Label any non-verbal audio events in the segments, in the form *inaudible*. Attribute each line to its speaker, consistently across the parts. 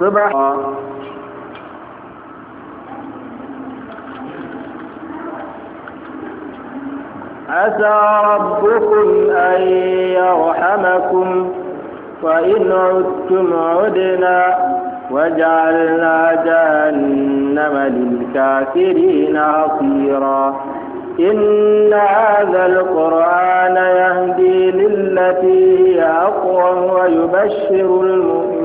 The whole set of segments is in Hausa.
Speaker 1: tó عسى ربكم أن يرحمكم فإن عدتم عدنا وجعلنا جهنم للكافرين عصيرا إن هذا القرآن يهدي للتي هي أقوى ويبشر المؤمنين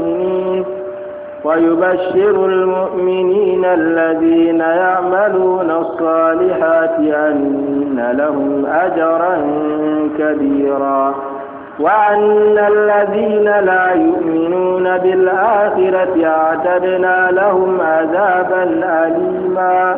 Speaker 1: ويبشر المؤمنين الذين يعملون الصالحات أن لهم أجرا كبيرا وأن الذين لا يؤمنون بالآخرة اعتدنا لهم عذابا أليما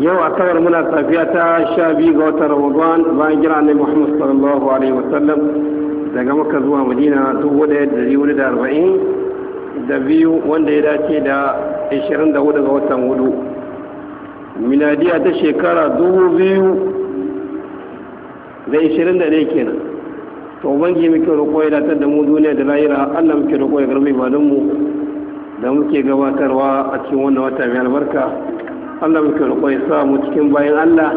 Speaker 1: yau asabar muna safiya ta sha biyu ga watan ramadan bayan jira ne muhammad sallallahu alaihi wasallam daga maka zuwa madina dubu wadda da dari da arba'in da biyu wanda ya dace da ashirin da hudu ga watan hudu miladiya ta shekara dubu biyu da ashirin da ne kenan to bangi muke roƙo ya datar da mu duniya da lahira allah muke roƙo ya garbe ba mu da muke gabatarwa a cikin wannan wata mai albarka Allah muke roƙo ya sa mu cikin bayan Allah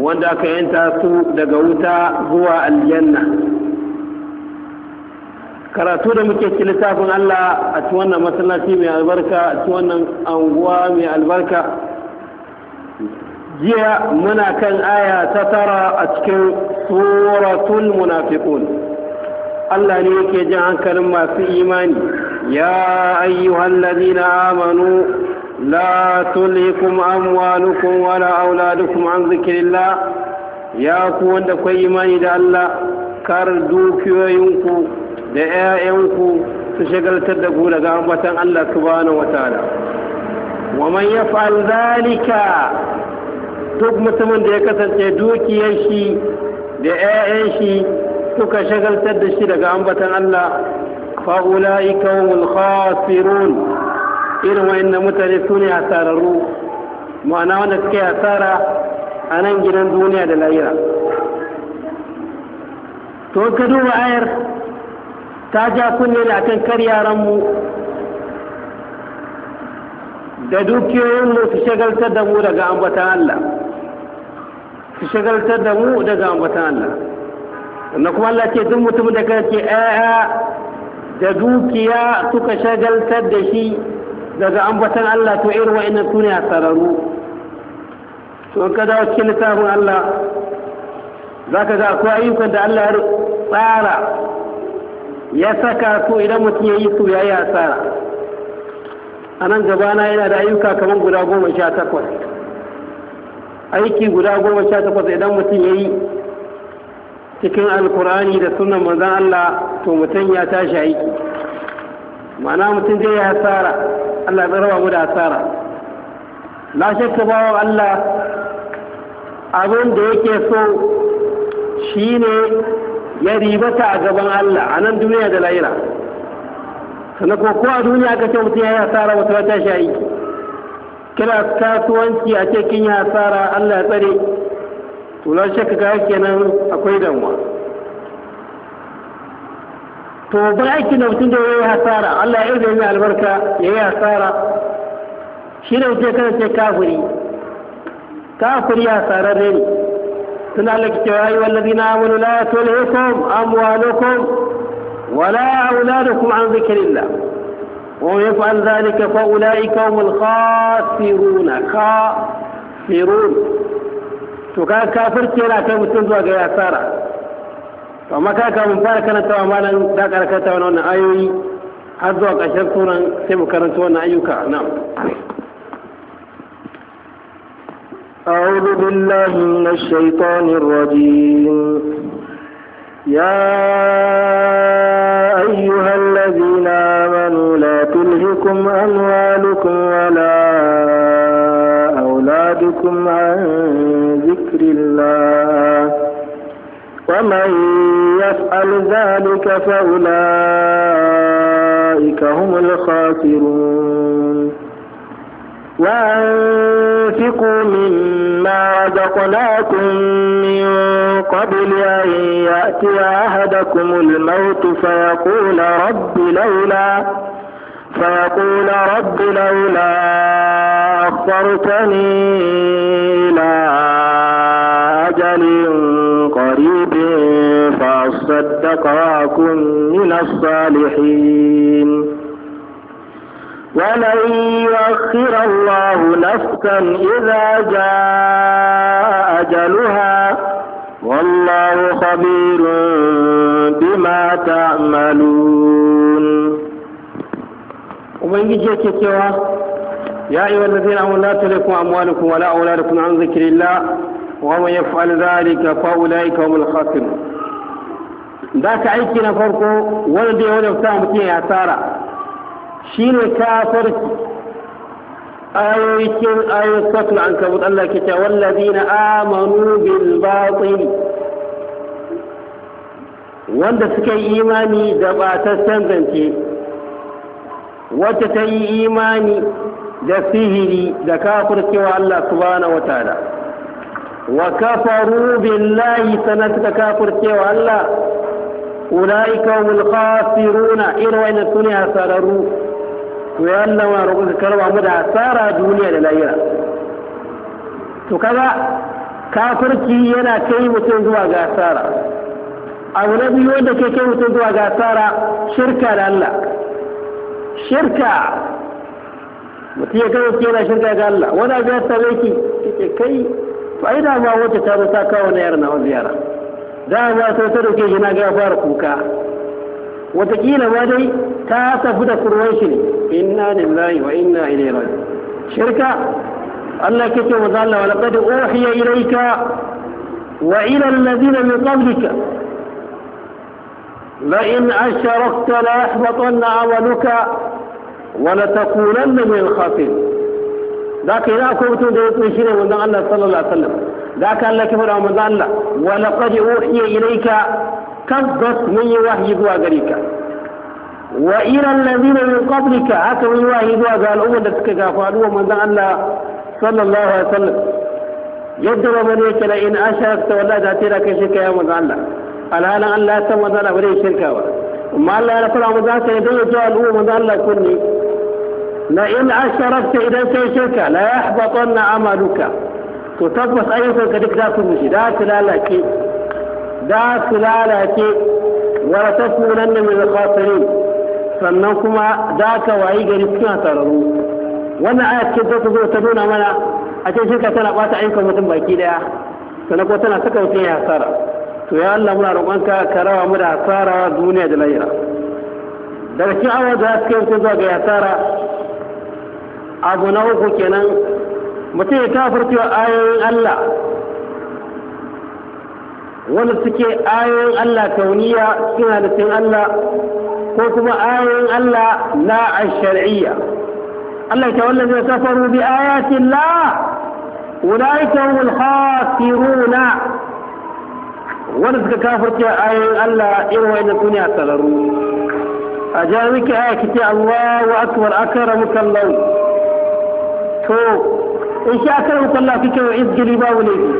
Speaker 1: wanda aka yanta su daga wuta zuwa aljanna karatu da muke cikin littafin Allah a cikin wannan masallaci mai albarka a cikin wannan anguwa mai albarka jiya muna kan aya ta tara a cikin suratul munafiqun Allah ne yake jin hankalin masu imani ya ayyuhallazina amanu لا تلهكم أموالكم ولا أولادكم عن ذكر الله يا كون da kwai imani da Allah kar dukiyoyinku da 'ya'yanku su shagaltar da ku daga ambatan Allah subhanahu wataala wa man yaf'al zalika duk mutumin da ya kasance dukiyar shi da 'ya'yan shi suka shagaltar da shi daga ambatan Allah fa'ula ulaika humul irin wayannan mutane su ne asararru ma'ana wanda suke asara a nan gidan duniya da lahira to ka duba ayar ta ja kunne da akan kar yaranmu da dukiyoyin mu su shagaltar da mu daga ambatan Allah su shagaltar da mu daga ambatan Allah na kuma Allah ce duk mutum da kake 'ya'ya da dukiya suka shagaltar da shi daga ambatan Allah to irin wa'annan sune a sararu to ka dawo cikin littafin Allah za ka ga akwai ayyukan da Allah ya tsara ya saka su idan mutum ya yi su ya yi asara a nan gabana yana da ayyuka kamar guda goma sha takwas aiki guda goma sha takwas idan mutum ya yi cikin alkurani da sunan manzan Allah to mutum ya tashi aiki ma'ana mutum zai ya asara Allah ya raba mu da asara la shakka Allah abin da yake so shine ya ribata a gaban Allah a nan duniya da lahira sannan ko ko a duniya aka ce mutum ya yi asara wata wata shi aiki kira kasuwanci a ce kin yi asara Allah ya tsare to la shakka ga kenan akwai damuwa تبعتنا وتندوي يا سارة الله يعزنا البركة يا سارة شنو تكلم تكافري كافر يا سارة ذي تنالك جواي والذين آمنوا لا تلهكم أموالكم ولا أولادكم عن ذكر الله ويفعل ذلك فأولئك هم الخاسرون خاسرون تكا كافر تيرا كم تنزوا يا سارة amma ka ka mun fara karantawa malam da karkata wannan ayoyi har zuwa ƙarshen suran sai mu karanta wannan ayyuka na أعوذ بالله من الشيطان الرجيم يا أيها الذين آمنوا لا تلهكم أموالكم ولا أولادكم عن ذكر الله ومن يفعل ذلك فأولئك هم الخاسرون وأنفقوا مما رزقناكم من قبل أن يأتي أحدكم الموت فيقول رب لولا فيقول رب لولا أخرتني إلى أجل قريب تصدق وكن من الصالحين ولن يؤخر الله نفسا إذا جاء أجلها والله خبير بما تعملون ومن يجي كتوى يا أيها الذين آمنوا لا تلقوا أموالكم ولا أولادكم عن ذكر الله ومن يفعل ذلك فأولئك هم الخاسرون za ka aiki na farko wanda ya wajabta mutum ya tsara shi ne kafarki ayoyikin ayoyikatul an kabut Allah ke cewa wallazina amanu bil batil wanda suka yi imani da batassan zance wacce ta yi imani da sihiri da cewa Allah subhanahu wa ta'ala wa kafaru billahi sanan kafar cewa Allah ulaika humul khasiruna irin wannan sune hasararru to ya Allah ma roƙon ka mu da hasara duniya da lahira to kaga kafirci yana kai mutum zuwa ga hasara abu na biyu wanda ke kai mutum zuwa ga hasara shirka da Allah shirka mutum ya kai yana shirka ga Allah wanda biyar sa ki kai fa'ida ma wata ta zo ta kawo na yara na ziyara? za a so ta dauke shi na ga ya fara kuka wataƙila ma dai ta tafi da kurwan shi ne inna lillahi wa inna ilaihi raji'un shirka Allah ke ce wa zalla wa laqad uhiya ilayka wa ila alladhina min qablika la in asharakta la yahbatanna amaluka wa la takunanna min al-khasirin zaka ina akwai mutum da ya tsinshi ne wannan Allah sallallahu alaihi wasallam ذاك الله كفر رمضان ولقد أوحي إليك كذبت من يوحي وحي قريك وإلى الذين من قبلك هكا من وحي قال أولدك قالوا من الله صلى الله عليه وسلم يد ومن يشل إن أشركت ولا لك شركا يا من الله الآن أن لا تمد الله ولي شركا ما لا يقول رمضان سيدي جاء الأول من الله كني لئن أشركت إذا شركة لا يحبطن عملك to tabbas ayyukan ka duk za su mushi da su lalace da su lalace wa takunanna min al sannan kuma da ka wayi gari cikin asararru wannan aya ce ta zo ta nuna mana a ce shirka tana bata ayyukan mutum baki daya sannan kuma tana saka mutum ya hasara to ya Allah muna roƙonka ka rawa mu da hasara duniya da lahira daga cikin awon da suke mutum zuwa ga hasara abu na uku kenan mutum ya kafirce ayoyin Allah wanda suke ayoyin Allah kauniya suna da cin Allah ko kuma ayoyin Allah na shar'iyya Allah ta wannan zai kafaru bi ayatin la ulaika humul khasiruna wanda suka kafirce ayoyin Allah irin wa'annan sune a tsararru a jami'a aya kice Allahu akbar akramaka Allah to in shi aka rubuta Allah kike wa izgiri babu laifi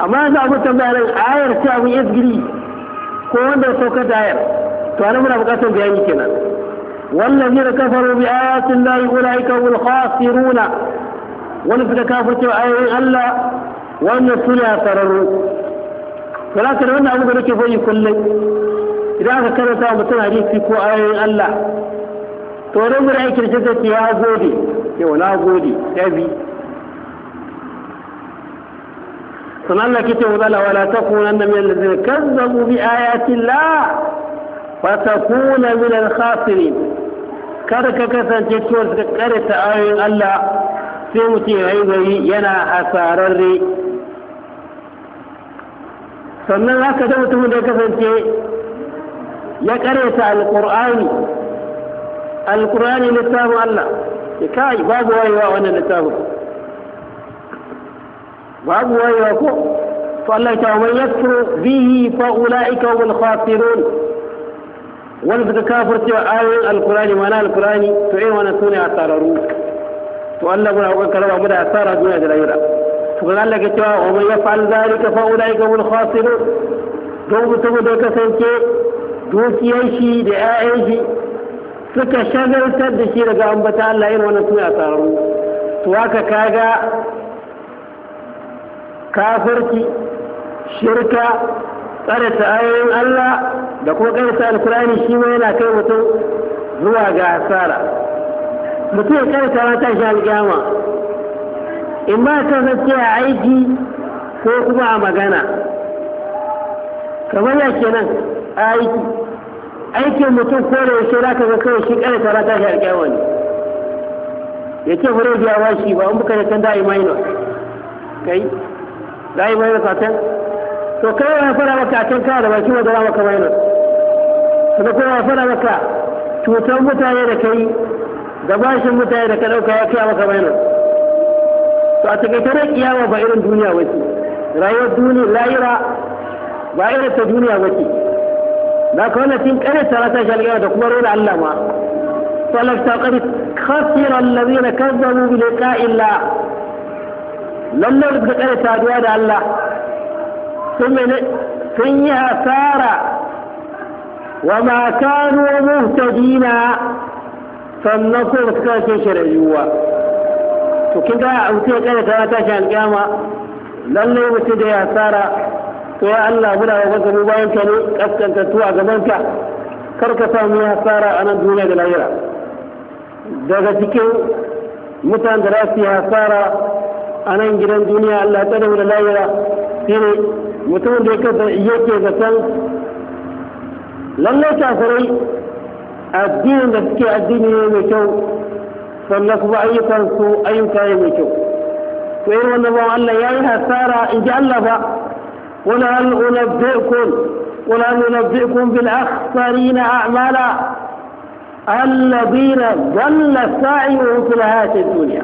Speaker 1: amma yanzu mu tambaya nan ayar ta mu izgiri ko wanda ya saukar da ayar to ana muna bukatar bayani kenan wallazina kafaru bi ayatin lahi ulaika hum khasiruna wani suka kafirce wa ayoyin Allah wannan a sararru to ka da wannan abu da nake bayi kullum idan aka karanta mutum hadisi ko ayoyin Allah to wani mura aikin shi zai ya gode yau na gode ya bi sannan Allah ke cewa zala wala takunanna min allazina kazzabu bi ayati llah wa takuna min al-khasirin kada ka kasance cewa suka karanta ayoyin Allah sai mutum ya gari yana hasararre sannan haka da mutumin da ya kasance ya karanta alqur'ani alqur'ani littafin Allah kai babu wayewa wannan littafin babu wayewa ko to Allah ya wa yakfuru bihi fa ulaika wal khasirun wanda suka kafirce ayoyin alkurani mana alkurani to irin wannan sune asararu to Allah muna kokar karaba mu da asara duniya da rayuwa to ga Allah ke cewa wa man yaf'al zalika fa ulaika wal khasirun don mutum da kasance dukiyar shi da 'ya'yan shi suka shagaltar da shi daga ambata Allah irin wannan sune asararu to haka kaga kafirci shirka tsare ta ayoyin Allah da kuma karanta alkurani shi ma yana kai mutum zuwa ga asara mutum ya karanta ma shi alƙiyama in ba ta zace a aiki ko kuma a magana kamar ya kenan a aiki aikin mutum ko da yaushe zaka ga kawai shi karanta ma shi alƙiyama ne ya ce fure biya shi ba in buka da kan da imani kai لا يمين قاتل وكما يفعل مكا تنكاد ويكما دلا مكا مين فنكما يفعل مكا توتا متاين كي دباش متاين كلوكا يكيا مكا مين فأتكتنا قياما بعير الدنيا ويتي رأي الدنيا لا يرى بعير الدنيا ويتي لا كون تنك أنا سلطة جلية دكبر إلى الله ما فلاشتاقت خسر الذين كذبوا بلقاء الله lallai da suka kare saduwa da Allah sun yi hasara wa ma kanu muhtadina sannan ko ba su kace shari'uwa to kin ga a mutum ya kare ta tashi alƙiyama lallai mutum da ya hasara to ya Allah muna wa maka mu bayan ka ne kaskanta tuwa gaban ka kar ka samu hasara a nan duniya da lahira daga cikin mutanen da za su yi hasara a nan gidan duniya Allah ta daura lahira shi ne mutum da yake zaton lallai kafirai addinin da suke addini ne mai kyau sannan kuma ayyukansu ayyuka ne mai kyau to irin wannan bawan Allah ya yi hasara in ji Allah ba wani hal unabbi'kum wani hal unabbi'kum bil akhsarina a'mala alladhina dhalla sa'yuhum fil hayati dunya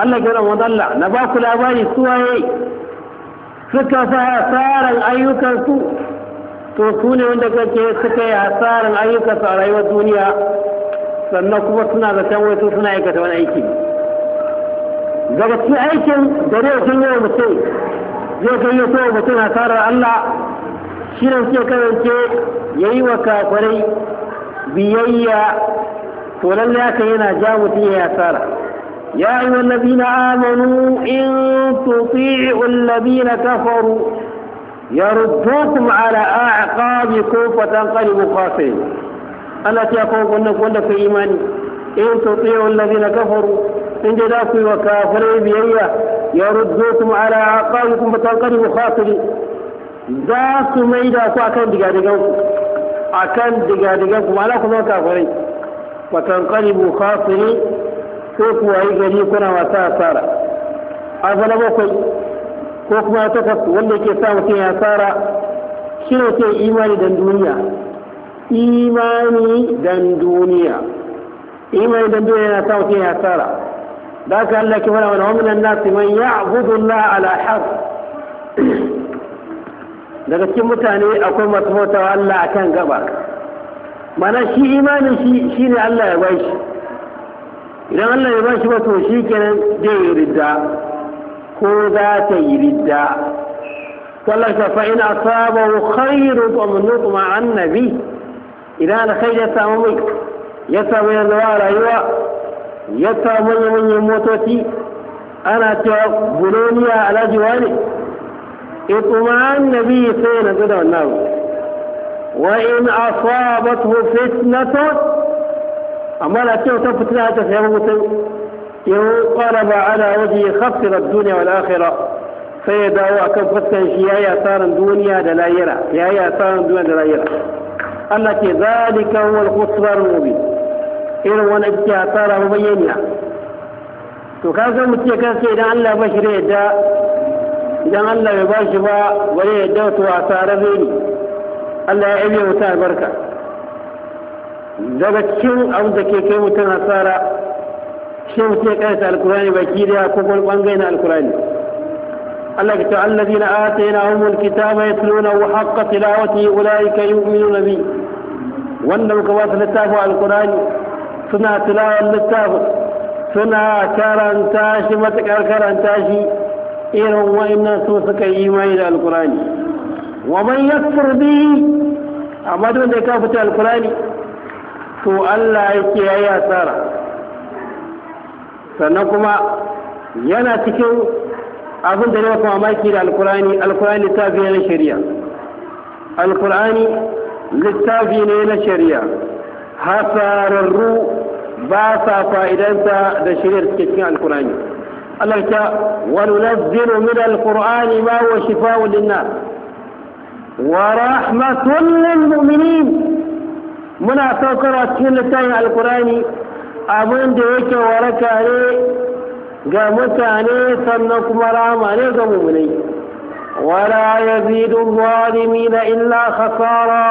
Speaker 1: Allah gana wadalla na ba ku labari suwaye suka fi hasaran ayyukansu to su ne wanda kake suka yi hasaran ayyukansu a rayuwar duniya sannan kuma suna da can wato suna aikata wani aiki daga cikin aikin da zai sun yi mutum zai kai wa mutum hasarar Allah shi ne suke kasance ya yi wa kakwarai biyayya to lallai haka yana ja mutum ya yi hasara يا أيها الذين آمنوا إن تطيعوا الذين كفروا يردوكم على أعقابكم فتنقلبوا خاسرين ألا تيقوم أنك قلنا في إيمان إن تطيعوا الذين كفروا إن جداكم وكافرين بيئة يردوكم على أعقابكم فتنقلبوا خاسرين ذات ميدا أكن دقادقانكم أكن دقادقانكم على وكافرين فتنقلبوا خاسرين ko ku wayi gari kuna masu asara abu na bakwai ko kuma takas wanda ke sa mutum ya asara shi ne ke imani dan duniya imani dan duniya imani dan duniya yana sa mutum ya asara da haka Allah ke fara wani waminan nasu man ya'budu Allah ala haq daga cikin mutane akwai masu bautawa Allah a kan gaba mana shi imanin shi ne Allah ya bai shi idan Allah ya ba shi ba to shi kenan zai yi ridda ko za ta yi ridda sallar ta fa'in asabahu khairu dhamnu ma annabi idan alkhair ya samu mai ya samu yanzuwa rayuwa ya samu manyan motoci ana cewa buloniya alhaji wani اطمئن به سينا كده والنبي وإن أصابته فتنة amma أما لا تعطى فتنة حتى سيموت ينقلب على وجه خسر الدنيا والآخرة sai ya dawo a kan fuskan shi ya yi asarar duniya da layira ya yi asarar duniya da layira Allah ke zalika wal khusran mubin irin wani ake asara mu bayyana to ka san mu ce kansa idan Allah ba shi da yadda idan Allah bai ba shi ba bare yadda to asara zai ne Allah ya yi wuta albarka daga cikin abu da ke kai mutum hasara shi mutum ya karanta alkurani baki da ko kuma bangare na alkurani Allah ya ce allazina atainahumul kitaba yatlunahu haqqa tilawati ulaika yu'minuna bi wanda muka ba su littafin alkurani suna tilawar littafin suna karanta shi matuƙar karanta shi irin wa'annan su suka yi imani da alkurani wa man yakfur bihi amma duk da ya kafa alkurani to Allah ya kiyaye asara sannan kuma yana cikin abin da na mamaki da alkurani alkurani littafi ne na shari'a alkurani littafi ne na shari'a hasararru ba sa fa'idanta da shari'ar suke cikin alkurani Allah ta wani nazziru min alkurani ma wa shifa'u linnas wa rahmatun mu'minin muna saukar a cikin littafin alkurani abin da yake waraka ne ga mutane sannan kuma rama ne ga mummunai wala ya zidu na illa khasara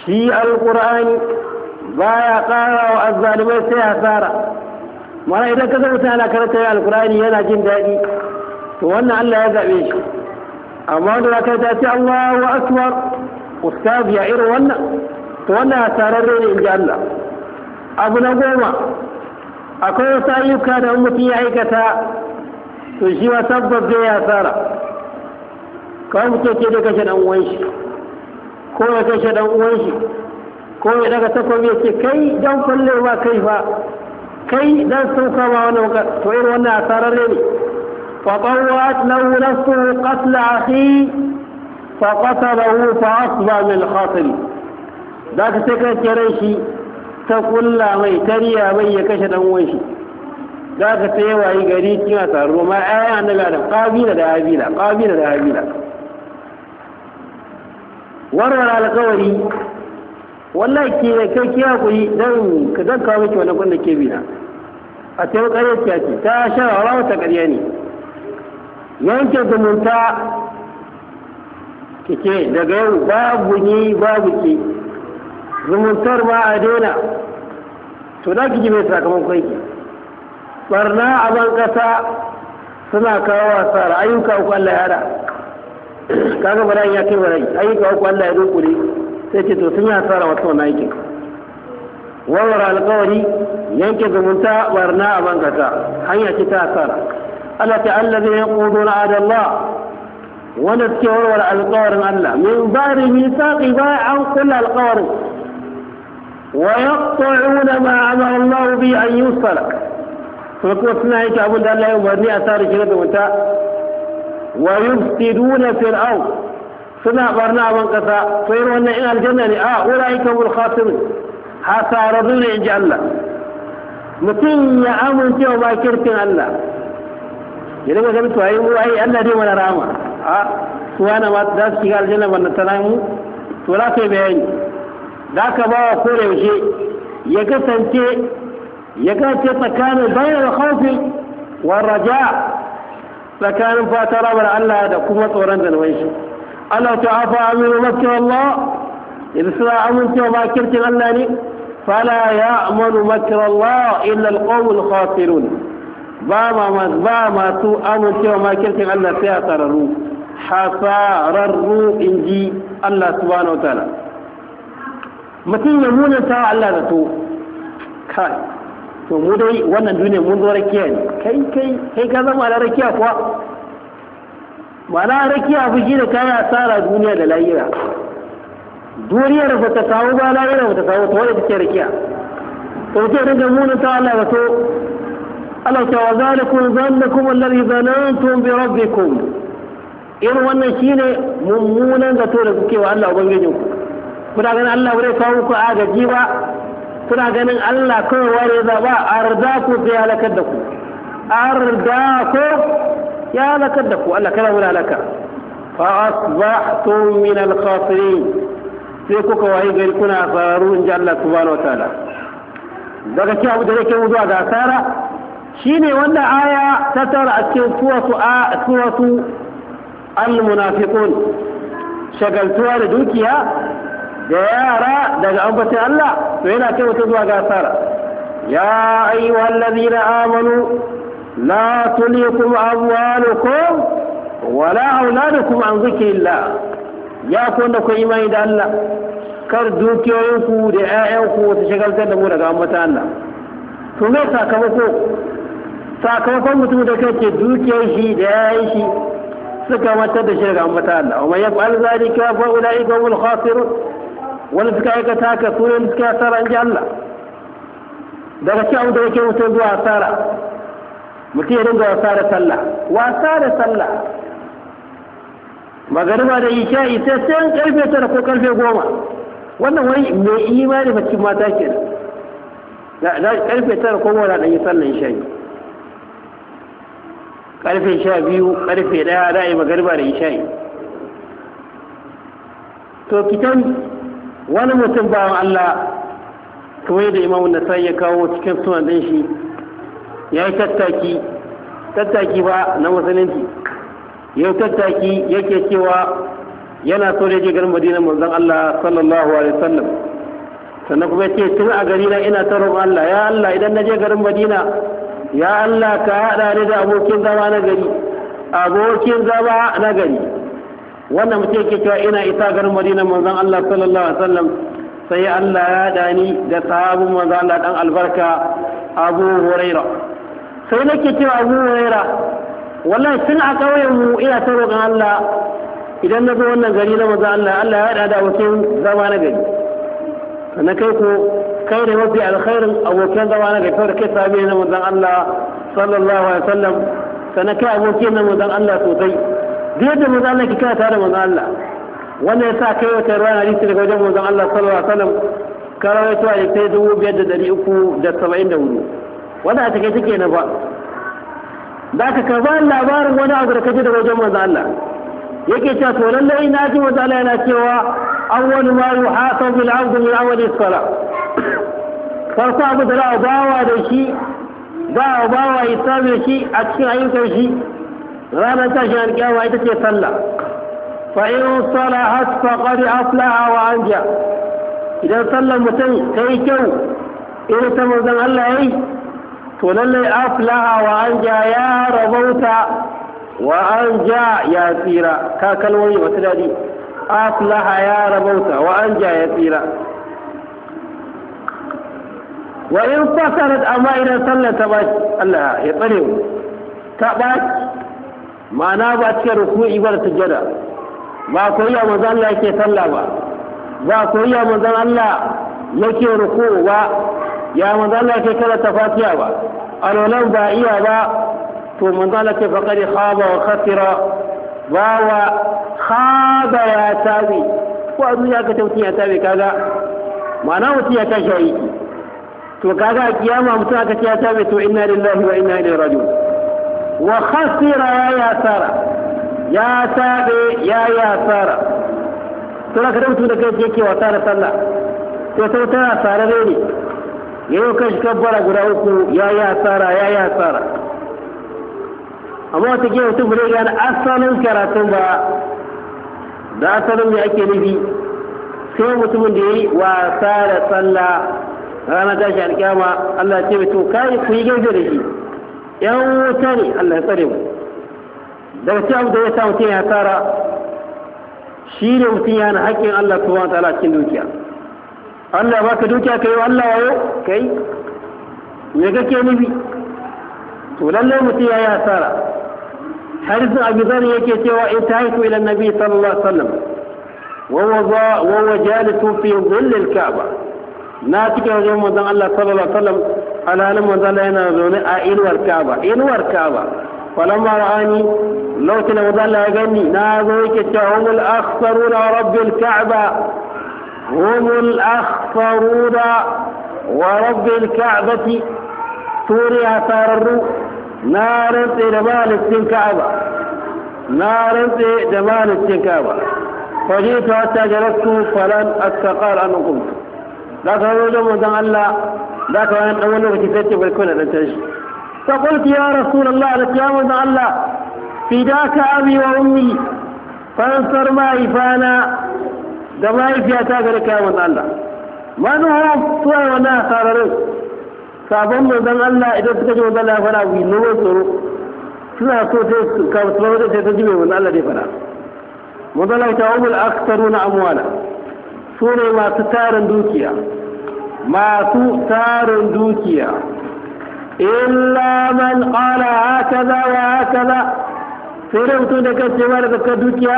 Speaker 1: shi alkurani baya ƙara wa azzalimai sai hasara Mara idan ka zama ana karanta yin alkurani yana jin daɗi to wannan allah ya zaɓe shi amma da za ka ta ce allahu akbar ustaz ya irin wannan wannan hasararre ne in ji Allah abu na goma akwai wasu ayyuka da mutum ya aikata to shi ma tabbas zai ya hasara kawai mutum ke da kashe dan uwan shi ko ya kashe dan uwan shi ko ya daga takobi ya ce kai dan kullewa kai fa kai dan sauka ma wani to irin wannan hasararre ne فطوعت له نفسه قتل أخيه فقتله فأصبح من الخاطرين za ta sai kai shi ta kulla mai tariya mai ya kashe dan uwan shi za ka sai yi gari kina tsaro ma ayi annabi adam qabila da abila qabila da abila warware alkawari wallahi ke kai kiya ku yi dan ka dan kawo miki wannan da ke bina a sai ƙarya ce ta shawara wata ƙarya ne yanke zumunta kike daga yau babu ni babu ki zumuntar ba a daina to da ki mai sakamakon ki barna a ban kasa suna kawo wasa ayyuka uku Allah ya hada kaga barayin ya kai barayi ayyuka uku Allah ya dukure sai ce to sun yi hasara wasu wannan aikin warware alkawari yanke zumunta barna a ban kasa hanya ce ta hasara Allah ta'ala zai yaqudu na Adalla wanda suke warware alkawarin Allah min ba bari misaqi ba an kulla alkawarin ويقطعون ما أمر الله به أن يصل فكما سمعك أبو الدار الله أثار جلد وتاء ويفسدون في الأرض سنة برنا من قصاء فإن أن إلى الجنة لأ آه، أولئك هم الخاسرون حتى رضون عند الله متن يا أمن تي وما كرتن الله يلا ما جبت وعي الله دي ولا راما أه سوانا ما تدرس في الجنة ولا في بعين Da aka ba wa yaushe ya kasance ya kasance tsakanin bayan haufi wa raja tsakanin fatan rabar Allah da kuma tsoron zanuwan shi Allah ta afa aminu mafi Allah idan suna amincewa ba kirkin Allah ne fala ya amanu makar Allah illa alqawmul khasirun ba masu ba ma su amincewa Allah sai a tsararru hasararru inji Allah subhanahu wa ta'ala mutum ya munanta wa Allah zato kai to mu dai wannan duniya mun zo rakiya ne kai kai kai ka zama da rakiya kuwa ma'ana rakiya fi shi da kayan asara duniya da lahira duniyar ba ta kawo ba lahira ba ta kawo ta wadda take rakiya to mutum rinka munanta wa Allah zato Allah ta wa zalikum zannakum allazi zanantum bi rabbikum irin wannan shine mummunan zato da kuke wa Allah ubangijinku kuna ganin Allah bai kawo muku agaji ba kuna ganin Allah kawai ware zaba arda ku sai halakar da ku arda ku ya halakar da ku Allah kana mu halaka fa asbahtum min al-khasirin sai kuka waye gari kuna asararu in ji Allah subhanahu wa daga cewa abu da yake zuwa ga asara shine wanda aya ta tara a cikin suratu a suratu al-munafiqun shagaltuwa da dukiya da yara daga ambacin Allah to yana kai mutum zuwa ga asara ya ayyuhal allazina amanu la tulikum amwalukum wala auladukum an zikrillah ya ku wanda ku imani da Allah kar dukiyoyinku da 'ya'yanku su shagaltar da mu daga ambacin Allah to me sakamako sakamakon mutum da kake dukiyar shi da 'ya'yan shi suka matar da shi daga ambacin Allah wa man yaf'al zalika fa ulai kumul khasirun wani suka aikata haka su ne suka asara in ji Allah daga cikin abu da yake mutum zuwa asara mutum ya dinga wasa da sallah wasa da sallah magariba da isha'i sai sai karfe tara ko karfe goma wannan wani mai imani ba cikin mata ke da karfe tara ko goma da yi sallan isha'i karfe sha biyu karfe daya da yi magariba da isha'i to kitan wani mutum bawan Allah kawai da imamun da sai ya kawo cikin sunan ɗin shi ya yi tattaki tattaki ba na musulunci yau tattaki yake cewa yana so da je garin madina manzon Allah sallallahu alaihi wasallam sannan kuma yace tun a gari na ina ta roƙon Allah ya Allah idan na je garin madina ya Allah ka haɗa ni da abokin zama na gari abokin zama na gari wannan mutum ke cewa ina isa garin madina manzon Allah sallallahu alaihi wasallam sai Allah ya dani da sahabin manzon Allah dan albarka Abu Huraira sai nake cewa Abu Huraira wallahi tun a kauyen mu ina ta roƙon Allah idan na zo wannan gari na manzon Allah Allah ya hada da abokin zama na gari na kai ko kai ne mafi alkhairin abokin zama na gari saboda kai sahabi ne na manzon Allah sallallahu alaihi wasallam sana kai abokin na manzon Allah sosai duk yadda manzo Allah ki kana da manzo Allah wannan yasa kai wata ruwan hadisi daga wajen manzo Allah sallallahu alaihi wasallam karawai to ai sai dubu biyar da dari uku da saba'in da hudu wanda a take take na ba da ka karba labarin wani abu da kaji daga wajen manzo Allah yake cewa to lallai na ji manzo Allah yana cewa awwalu ma yuhasabu al-'abdu min awwali as-salah farko abu da za a bawa da shi za a bawa hisabi shi a cikin ayyukan shi ranar tashin alƙiyama ita ce sallah fa in salahat faqad aflaha wa anja idan sallah mutum ta yi kyau irin ta manzon Allah yi, to lallai aflaha wa anja ya rabauta wa anja ya tsira ka kalmomi masu daɗi aflaha ya rabauta wa anja ya tsira wa in fasarat amma idan sallar ta ba Allah ya tsare mu ta ɓaci ma'ana ba cikin ruku'i ba da sujjada ba koyya manzon Allah yake sallah ba ba koyya manzon Allah yake ruku'u ba ya manzon Allah yake kala fatiha ba alwalan ba iya ba to manzon Allah ke fakari khaba wa khasira ba wa khaba ya tabi ko a duniya ka tafi ya tabi kaga ma'ana mutum ya tashi aiki to kaga a kiyama mutum aka ce ya tabi to inna lillahi wa inna ilaihi raji'un wa khasira ya yi asara ya taɓe ya yi asara to da kada mutum da kai yake wasa da sallah to sai tana sarare ne ya yi kashi kabbara guda uku ya yi asara ya yi asara amma wata gefe mutum ne gane asalin karatun ba da asalin da ake nufi sai mutumin da ya yi wasa da sallah ranar tashi alƙyama Allah ce mai to kai ku yi gaisa da shi yan wuta ne Allah ya tsare mu daga cikin abu da ya sa mutum ya tsara shi ne mutum ya na haƙƙin Allah ta wata ala cikin dukiya Allah ba ka dukiya ka yi Allah wayo kai yi me kake nufi to lallai mutum ya yi hasara harisun abu zani yake cewa in ta haiku ilan nabi sallallahu alaihi wasallam wawa jalisu fi dhullil ka'ba na cikin wajen manzon Allah sallallahu alaihi wasallam alhalin manzala yana zaune a inuwar kaba inuwar kaba falamma ra'ani lokacin da manzala ya gani na zo yake cewa humul akhsaruna rabbil ka'ba humul akhsaruna wa rabbil ka'bati turiya tararru na rantse da malikin ka'aba na rantse da malikin ka'aba فجئت حتى جلست فلن استقال ان قمت لا تقول من الله za ka wani ɗan wani lokaci sai ce bai kawai ɗan tashi ta kulki ya rasul Allah da kiyamun da Allah fi da ka abi wa ummi fansar mahaifana da mahaifiyata ga da kiyamun da Allah manuhum suwaye wannan asararin sabon manzon Allah idan suka ji manzon Allah ya fara wi nomo tsoro suna so sai su kawo wajen sai ta ji mai manzon Allah da ya fara manzon Allah ta umul aktharuna amwala su ne masu tarin dukiya masu tarin dukiya illa man qala hakaza wa hakaza sai da mutum da kace ma da zakar dukiya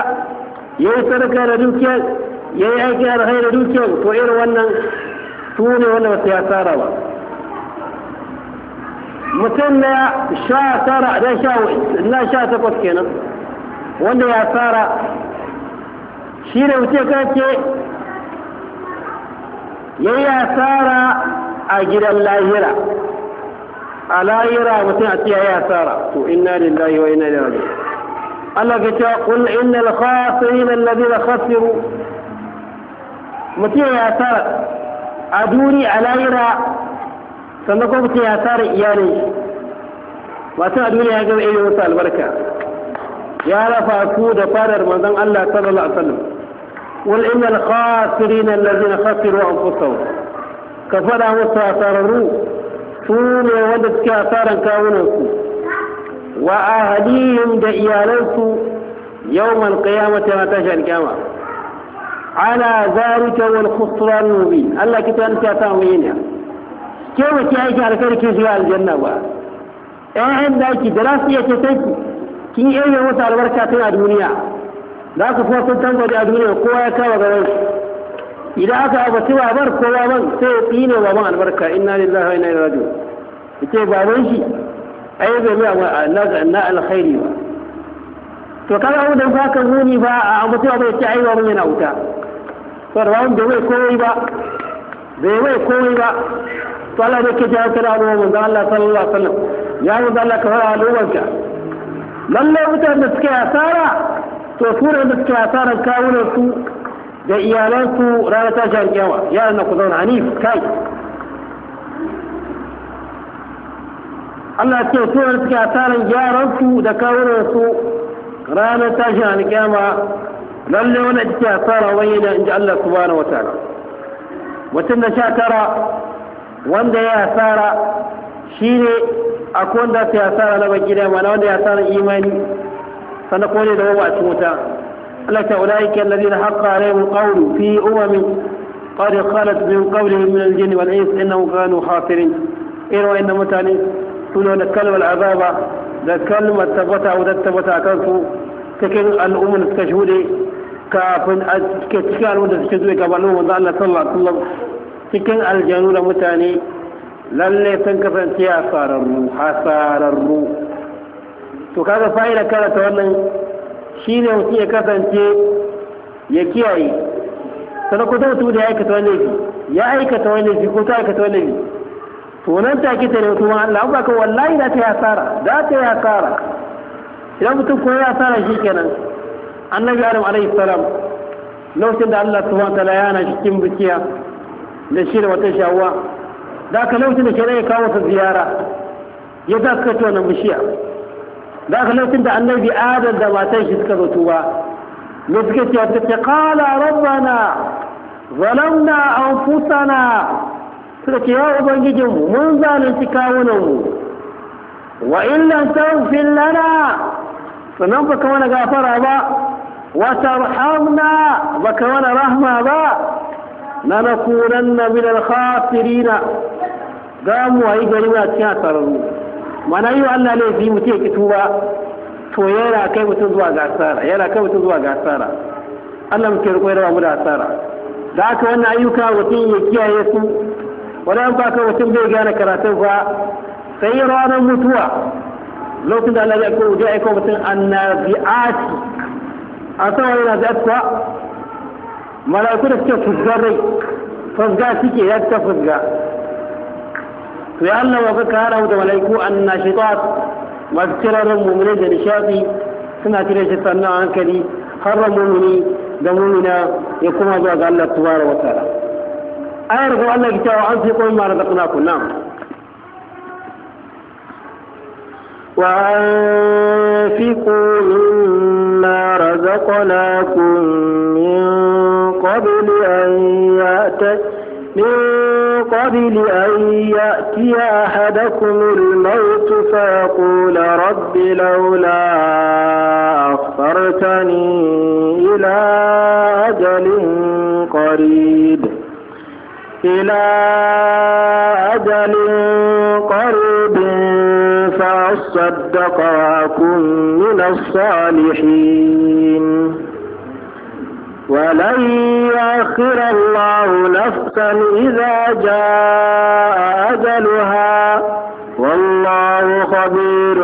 Speaker 1: yayi sadaka da dukiya yayi aiki alkhairi da dukiya to irin wannan su ne wannan wasu ya tsara ba mutum na sha tara da sha na sha takwas kenan wanda ya tsara shi ne mutum kace ya yi asara a gidan lahira a lahira mutum a ce ya asara to inna lillahi wa inna ilaihi raji'un Allah ke cewa kul innal khasirin alladhina khasiru mutum ya asara a duni a lahira sannan kuma mutum ya asara iyali, masu a duniya ya gaba irin wasu albarka ya rafa su da fadar manzon Allah sallallahu alaihi wasallam قل إن الخاسرين الذين خسروا أنفسهم a musu asararru su ne wanda suke asaran kawunansu wa ahalihim da iyalansu yawmal qiyamati ma tashi alkiyama ala zalika wal khusran mubin Allah kitan ta ta wayina ke wace aiki alkhairi ke zuwa aljanna ba ƴaƴan da da za su iya sai ki kin yi wata albarka duniya za ku kuma sun tangwaje a duniya kowa ya kama gaban su idan aka abaci babar ko baban sai ya tsine baban albarka inna lillahi wa inna ilaihi raji'un yace baban shi ai bai mai na alkhairi ba to kaga abu da ba ka muni ba a abaci babar yace ai baban yana wuta to da baban bai mai komai ba bai mai komai ba to Allah ne ke jawo ta da abubuwan manzon Allah sallallahu alaihi wasallam ya manzon Allah ka fara al'ummarka lallai mutanen da suke asara to su da suke asarar kawunan su da iyalan su ranar tashin kyawa ya na ku zauna hanif kai Allah ce su da suke asarar gyaran su da kawunan su ranar tashin kyawa lalle wani ita asara wani da inji Allah subhanahu wataala mutum da sha tara wanda ya asara shine akwai wanda ta yasara na baki da mana wanda ya asara imani sannan da wawa a cikin wuta Allah ta ulaika alladhina haqqa alaihim alqawlu fi umamin qad khalat min qawlihim min al-jinni wal ins innahum kanu khasirin irin wa'annan mutane suna da kalmar azaba da kalmar tabbata a tabbata a kansu cikin al'ummar suka shuɗe kafin a cikin al'ummar da suke zuwa gabanin wanda Allah sallallahu cikin aljanu da mutane lalle sun kasance a hasararru to kaga fa'ila karata wannan shine mutum ya kasance ya kiyaye sannan ko ta mutum da ya aikata wani laifi ya aikata wani laifi ko ta aikata wani laifi to nan ta ta tare kuma Allah ba ka wallahi za ta yasara da ta yasara idan mutum ko ya sara shi kenan annabi adam alaihi salam lokacin da Allah subhanahu wataala ya na cikin bikiya da shi da wata shawwa da aka lokacin da ke ya kawo ta ziyara ya za ka ci wannan bishiya داخل لكن ده النبي آدم ده ما تجد كبتوا لذكت يا قال ربنا ظلمنا أنفسنا فلك يا أبن جدهم منذ الانتكاون وإن لم تغفر لنا فنبقى كمان غافر أبا وترحمنا وكمان رحمة أبا لنكونن من الخاسرين قاموا أي قريبا تياتر mana yi wa Allah laifi mutum ya ki tuba to yana kai mutum zuwa ga asara yana kai mutum zuwa ga asara Allah muke riko yana mu da asara da aka wannan ayyuka mutum ya kiyaye su wani an baka mutum bai gane karatun ba sai ranar mutuwa lokacin da Allah ya ko ya aika mutum annabi'ati a sama yana da kuwa mala'iku da suke fuzgar rai fuzga suke ya ta fuzga في الله وكاره وملائكه الناشطات من المؤمنين للشاطي سنة الشيطان عنك لي هر المؤمنين دمومنا يقوم أجواز الله تبارك وتعالى أعرف أن الله كتاب عن ما رزقناكم نعم وأنفقوا مما رزقناكم من قبل أن يأتي من قبل أن يأتي أحدكم الموت فيقول رب لولا أخرتني إلى أجل قريب إلى أجل قريب فأصدق وأكن من الصالحين ولن يؤخر الله نفسا إذا جاء أجلها والله خبير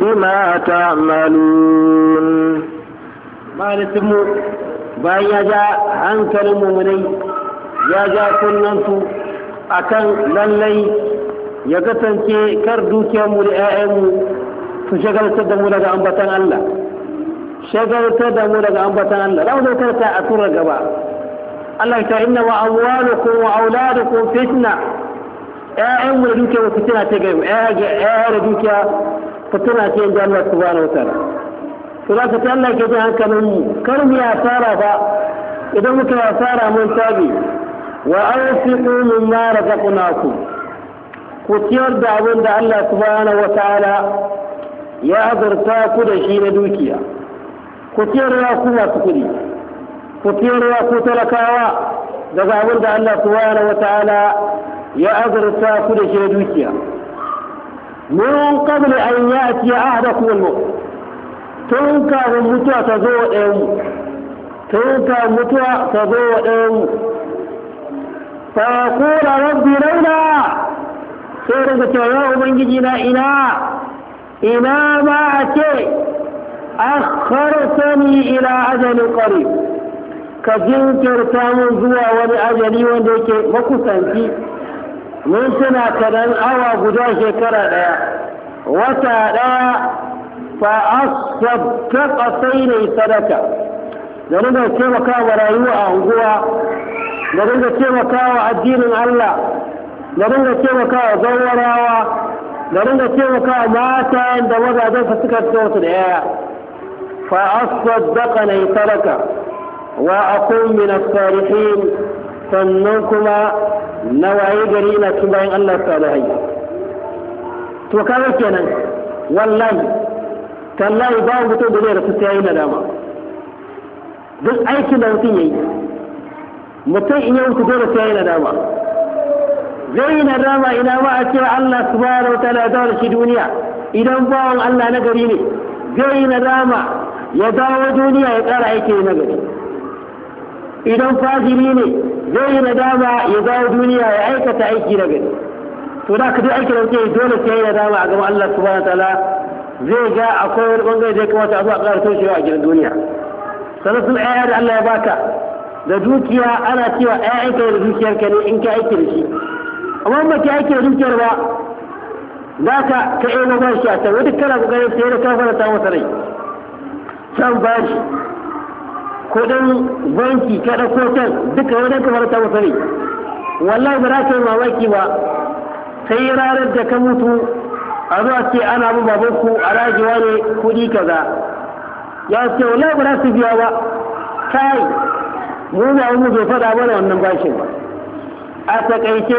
Speaker 1: بما تعملون ما نتمو بايا جاء أنت المؤمنين يا جاء كننسو أكن للي يقتنك كردوك يا مولي آئم فشغلت دمو لك أنبتان الله shagartar da mu daga ambatan Allah za mu zo karta a tura gaba Allah ta inna wa amwalukum wa auladukum fitna ƴaƴan mu da dukiya mu fitina ce ga ƴaƴa da dukiya fitina ce inda Allah subhanahu wa ta'ala to za ka ta Allah ke ji hankalin mu kar mu ya fara ba idan muka ya fara mun tabi wa anfiqu mimma razaqnakum ku ciyar da abin da Allah subhanahu wa ta'ala ya azurta ku da shi na dukiya ku ciyarwa ku masu kuɗi ku ciyarwa ku talakawa daga abin da Allah subhanahu wata'ala ya azurta ku da ke dukiya mun qabl an ya'ti ahadakum al-maut tun kafin mutuwa ta zo wa ɗayan mu tun kafin mutuwa ta zo wa ɗayan mu fa yaqulu rabbi laula sai rinka cewa ya ubangiji na ina ina ma a ce akhartani ila ajalin qarib ka jinkirta mun zuwa wani ajali wanda yake makusanci mun tuna kadan awa guda shekara daya wata daya fa asabta qasaini sadaka da rinka taimaka wa rayuwa a unguwa da rinka taimaka wa addinin Allah da rinka taimaka wa zawarawa da rinka taimaka wa mata da mazajen su suka fito su da yaya فأصدقني ترك وأكون من الصالحين sannan kuma nawaye gari ina cin Allah salihai to kaga kenan wallahi tallahi ba mutum da zai rasu sai yayi nadama duk aikin da mutum mutum in ya mutu dole sai yayi nadama zai yi nadama ina ma a cewa Allah subhanahu shi duniya idan bawan Allah na gari ne zai yi nadama ya dawo duniya ya tsara yake na gari idan fajiri ne zai yi nadama ya dawo duniya ya aikata aiki na gari to da ka duk aiki da yake dole sai ya nadama a gaban Allah subhanahu wataala zai ga akwai wani bangare da ya kamata a zuwa a ƙara toshewa a gidan duniya sannan sun da Allah ya baka da dukiya ana cewa ‘ya'yanka da dukiyar ka ne in ka aiki da shi amma ba ka aiki da dukiyar ba za ka ka ɗaya na ba shi a can wata kana ƙoƙarin sayar da kafara ta masa rai can bashi kudin banki kada ko can duka wani kamar ta mutu ne wallahi ba za ka yi mamaki ba sai ranar da ka mutu a zuwa ce ana mu babanku a rajewa ne kuɗi kaza ya ce wallahi ba za su biya ba kai mu ba mu bai faɗa mana wannan bashin ba a takaice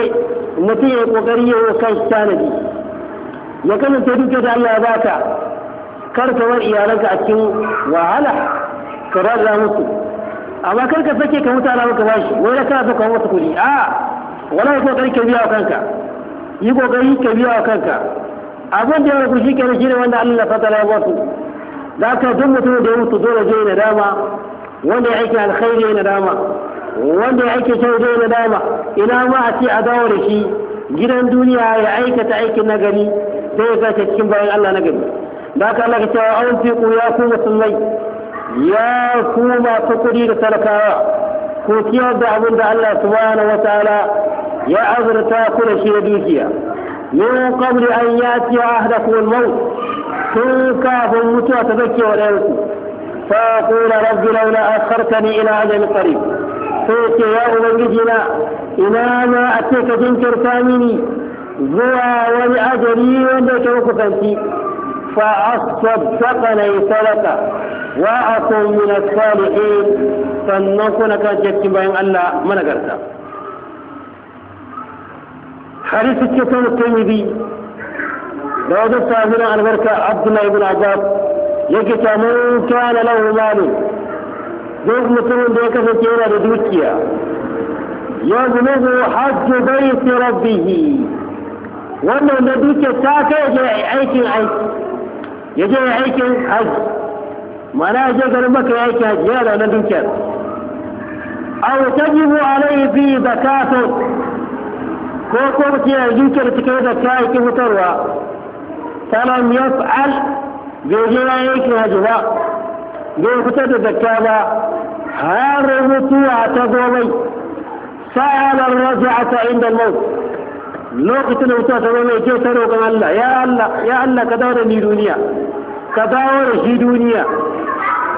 Speaker 1: mutum ya yi ƙoƙari ya yi kai tanadi ya kasance duka da Allah ya baka kar ka bar iyalanka a cikin wahala ka rarra musu amma kar ka sake ka mutala maka bashi wai da kana so ka masa kuɗi a wala ko kai ka biya wa kanka yi kokari ka biya wa kanka abin da ya rubu shi kenan shine wanda Allah fatala ya wasu da ka duk mutum da ya mutu dole je na dama wanda ya aiki alkhairi na dama wanda ya aiki kyau na dama ina ma a ce a dawo da shi gidan duniya ya aikata aikin nagari sai ya sace cikin bayan Allah nagari. gari لا تلغت أنفقوا يا قوة الليل يا كوما تقري لسلكا كوتيو دعون دع سبحانه وتعالى يا أغرتا كل شيء دوجيا من قبل أن يأتي أحدكم الموت كن كاف المتوى تبكي والأنس فأقول رب لولا أخرتني إلى عجل قريب فوتي يا أبنجينا إلى ما أتيك جنكر ثاميني زوى ولأجلي وندك وكفنتي فأصدق ليسلك وأكون من الصالحين فنكون كجت بين الله من قرتا حديث الشيطان الترمذي رواد التابعين عن بركة عبد الله بن عباس يجد من كان له مال duk mutumin da ya kasance yana da dukiya ya zunubu hajji bai rabbihi wannan da dukiya ta kai ga aikin aiki ya je ya aikin hajji mana ya je garin maka ya aiki hajji yana da wannan dukiyar aw tajibu alayhi fi zakatun ko ko mutum yana dukiyar cikin zakka ya ki fitarwa falam yaf'al bai je ya aikin hajji ba bai fitar da zakka ba har mutuwa ta zo mai sa'ala raja'ata inda al-maut lokacin da mutum ta zama mai ta roƙon Allah ya Allah ya Allah ka dawo da ni duniya ka dawo da shi duniya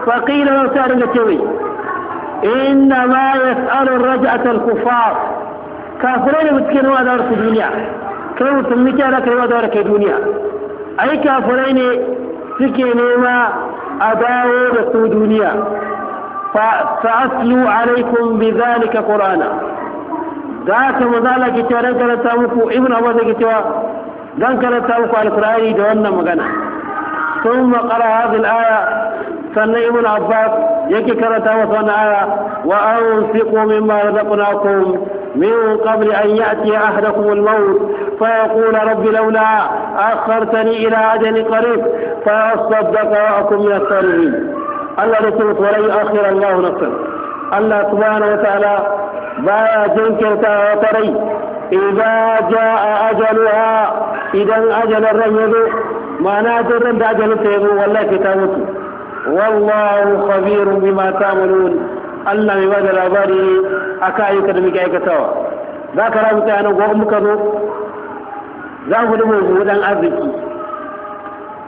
Speaker 1: fa qila wa sa'ar da cewa inna ma yas'alu raj'at al-kuffar kafirai da mutum ruwa da su duniya kai mutum miki da kai da kai duniya ai kafire ne suke nema a dawo da su duniya fa aslu alaikum bi dhalika qur'ana da haka maza Allah ke cewa dan karanta muku ibn abbas ke cewa dan karanta muku da wannan magana ثم قرأ هذه الآية سنة ابن عباس يكي كرتا وصن آية وأنفقوا مما رزقناكم من قبل أن يأتي أحدكم الموت فيقول رب لولا أخرتني إلى أجل قريب فأصدق من الصالحين الله رسولك ولن يؤخر الله نفسا الله سبحانه وتعالى baya ta rai idza jaa ajaluha idan ajalin ran yazo ma'ana duk ran da ajalin ta yazo wallahi ta mutu wallahu khabirun bima ta'malun Allah mai bada labari akan ayyuka da muke aikatawa za ka rabu ta yanar gobe muka zo za mu da mabudan arziki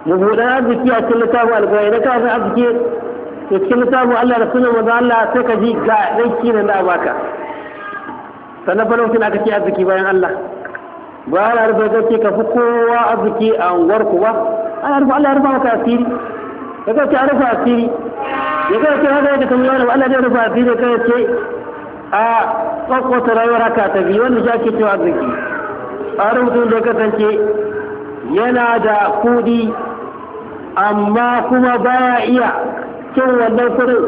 Speaker 1: mabudan arziki a cikin littafin alkawai na kafin arziki da cikin littafin Allah da sunan maza Allah sai ka ji ga ɗan kinan da baka sannan fa lokacin aka ce arziki bayan Allah ba ya rufe ce ka fi kowa arziki a unguwar ku ba ana rufe Allah ya rufa maka asiri ya ce a rufa asiri ya ce haka yadda kan yawon Allah ya rufa asiri ya ce a tsakwata rayuwar haka ta biyu wanda ya ke cewa arziki a rubutun da ya kasance yana da kudi amma kuma baya iya cin wannan kudin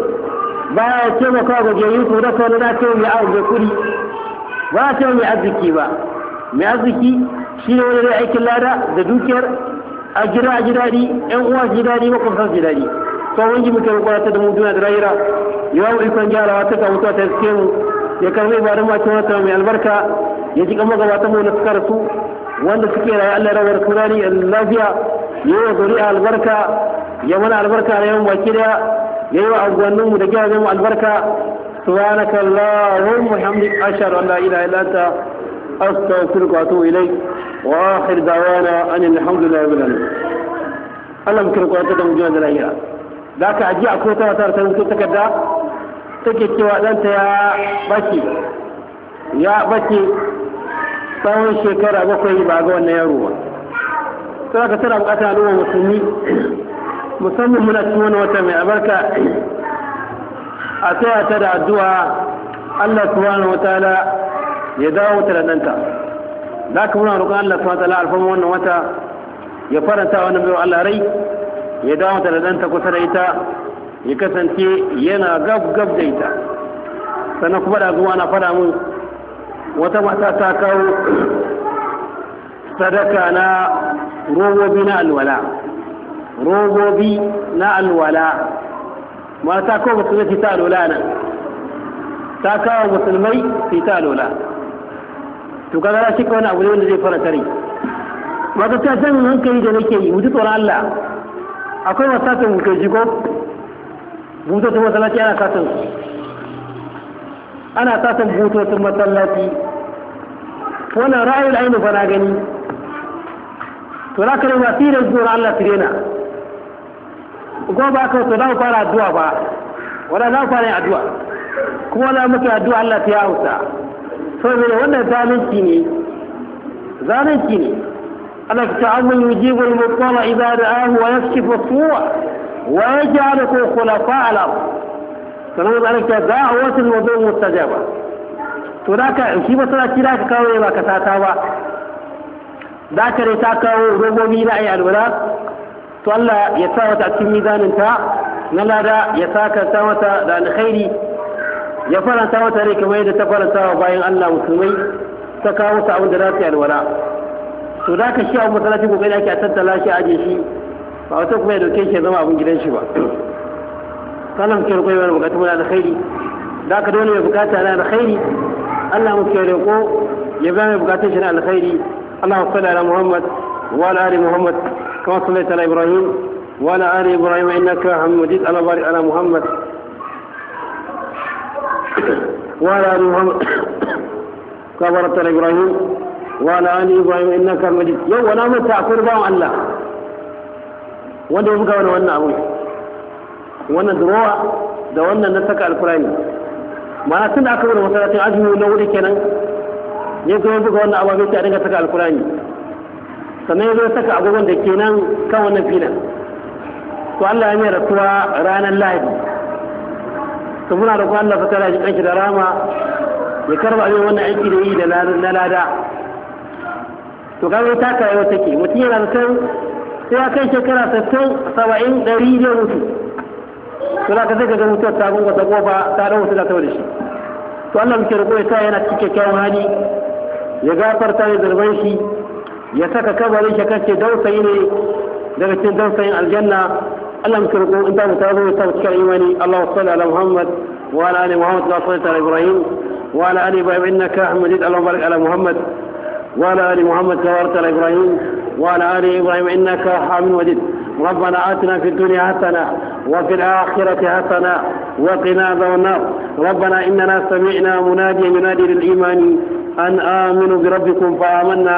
Speaker 1: baya ce ga gajiyayi ko da kawai na ce mai arziki kudi ba a ce mai arziki ba mai arziki shi ne wani zai aikin lada da dukiyar a gida a ji daɗi ƴan uwa su ji daɗi makwabta su ji daɗi to wani muke rukwata da mu duniya da rayuwa ya mu ikon gyarawa ta samu ta suke mu ya karɓi ba don bacin wata mai albarka ya ji kan magabatan mu na suka rasu wanda suke rayu Allah ya rawar a lafiya ya yi zuri'a albarka ya mana albarka a rayuwar baki daya ya yi wa anguwanninmu da gidajenmu albarka سبحانك اللهم وبحمدك أشهد أن لا إله إلا أنت أستغفرك وأتوب إليك وآخر دعوانا أن الحمد لله رب العالمين ألا يمكنك أن تدعو جوانا لأيها ذاك أجيء كوتا وتارة المسلم تكدا تكي كي وأنت يا بشي يا بشي طوي شكرا بخي بعقوة نيروة ترى كتلا بقتل أمو مسلمين مسلمين من أسمون وتمع بركة a taya ta da addu'a Allah subhanahu wataala ya dawo ta da danta za ka muna roƙon Allah subhanahu wataala alfama wannan wata ya faranta wannan bai Allah rai ya dawo ta da danta kusa da ita ya kasance yana gab gab da ita sannan kuma da zuwa na fara mu wata mata ta kawo sadaka na robobi na alwala robobi na alwala mata ko musulmai su ta alola nan ta kawo musulmai su ta alola to kaga na shika wani abu ne wanda zai fara tare wata ta san hankali da nake yi wuce tsoron Allah akwai masu satin wuce jigo bututun masallaci ana satin ana satin bututun masallaci wannan ra'ayin ainihin fana gani to za ka nema sirar zuwa Allah su daina ko ba ka so za mu fara addu'a ba wala za mu fara yin addu'a kuma wala muke addu'a Allah ta hausa saboda wannan zalunci ne zalunci ne Allah ta amman yujibu al-mutala idza da'ahu wa yakshifu as-su'a wa yaj'alukum khulafa'a al-ard sanan da Allah ta da'awatu al-wudu' mustajaba to da ka shi masallaci da ka kawo ba ka sata ba da ka ne ta kawo robobi na ayi alwala to Allah ya sa mata cikin mizaninta na lada ya sakanta mata da alkhairi ya faranta mata rai kamar yadda ta faranta wa bayan Allah musulmai ta kawo ta abin da za su yi alwala to da ka shi abu masallaci kokari ake a tattala shi a ajiye shi ba wata kuma ya dauke shi ya zama abin gidan shi ba sannan muke roƙo yawan bukatu muna alkhairi da ka dole mai bukata na alkhairi Allah muke roƙo ya ba mai bukatun shi na alkhairi Allah salli ala Muhammad wa ala Muhammad *coughs* كما صليت على إبراهيم وعلى آل إبراهيم إنك مجيد على بارك على محمد
Speaker 2: وعلى آل محمد كما على إبراهيم
Speaker 1: وعلى آل إبراهيم إنك مجيد يو ولا متى أقول بهم الله wanda ya buga wani wannan abun wannan durowa da wannan na saka alkurani ma'ana tun da aka gudu masallacin azumi na wuri kenan ya zo buga wannan abu bai a dinga saka sannan ya zo saka agogon da ke nan kan wannan filan to Allah ya mai rasuwa ranar lahadi to muna da Allah fa tara shi kanki da rama ya karba abin wannan aiki da yi da na lada to wata ta yau take mutum yana da san sai ya kai shekara 60 70 dari zai mutu to za ka zaka ga mutuwar ta gunga ta gofa ta wasu da ta da shi to Allah muke roƙo ya sa yana cikin kyawun hali ya gafarta ya zarban shi ya saka kabarin shi kace dausayi ne daga cikin dausayin aljanna Allah muke roƙo in ta mu ta zo ta cikin imani Allah salli ala Muhammad wa ala ali Muhammad wa sallallahu ala Ibrahim wa ala ali Ibrahim innaka Hamidid Allah barik ala Muhammad wa ala ali Muhammad wa ala Ibrahim wa ala ali Ibrahim innaka Hamid Majid ربنا آتنا في الدنيا حسنة وفي الآخرة حسنة وقنا عذاب النار ربنا إننا سمعنا مناديا ينادي للإيمان أن آمنوا بربكم فآمنا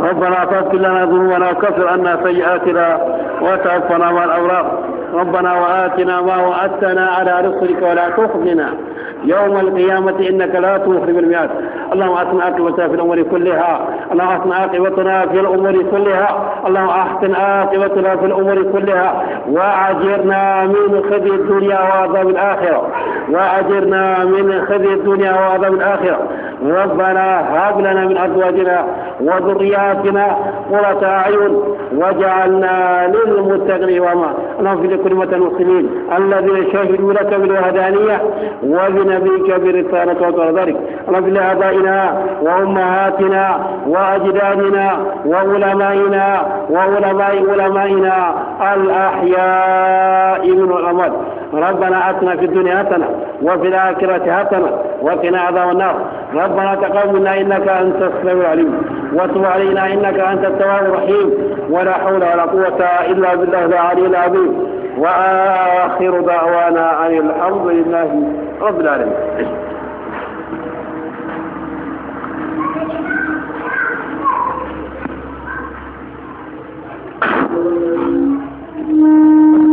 Speaker 1: ربنا تغفر لنا ذنوبنا وكفر عنا سيئاتنا وتوفنا مع الأبرار ربنا وآتنا ما وعدتنا على رسلك ولا تخزنا يوم القيامة إنك لا تخرج المئات اللهم أحسن عاقبتنا في الأمور كلها اللهم أحسن عاقبتنا في الأمور كلها اللهم أحسن عاقبتنا في الأمور كلها وأجرنا من خزي الدنيا وعذاب الآخرة وأجرنا من خزي الدنيا وعذاب الآخرة ربنا هب لنا من أزواجنا وذرياتنا قرة أعين وجعلنا للمتقين وما اللهم في كل المسلمين الذين شهدوا لك بالوهدانية وبنبيك برسالة وطر ذلك اللهم في آبائنا وأمهاتنا وأجدادنا وعلمائنا وعلماء علمائنا الأحياء من الأموات ربنا أتنا في الدنيا أتنا وفي الآخرة أتنا وقنا عذاب النار ربنا تقبلنا إنك أنت السميع العليم وتب علينا إنك أنت التواب الرحيم ولا حول ولا قوة إلا بالله العلي العظيم وآخر دعوانا عن الحمد لله رب العالمين Thank you.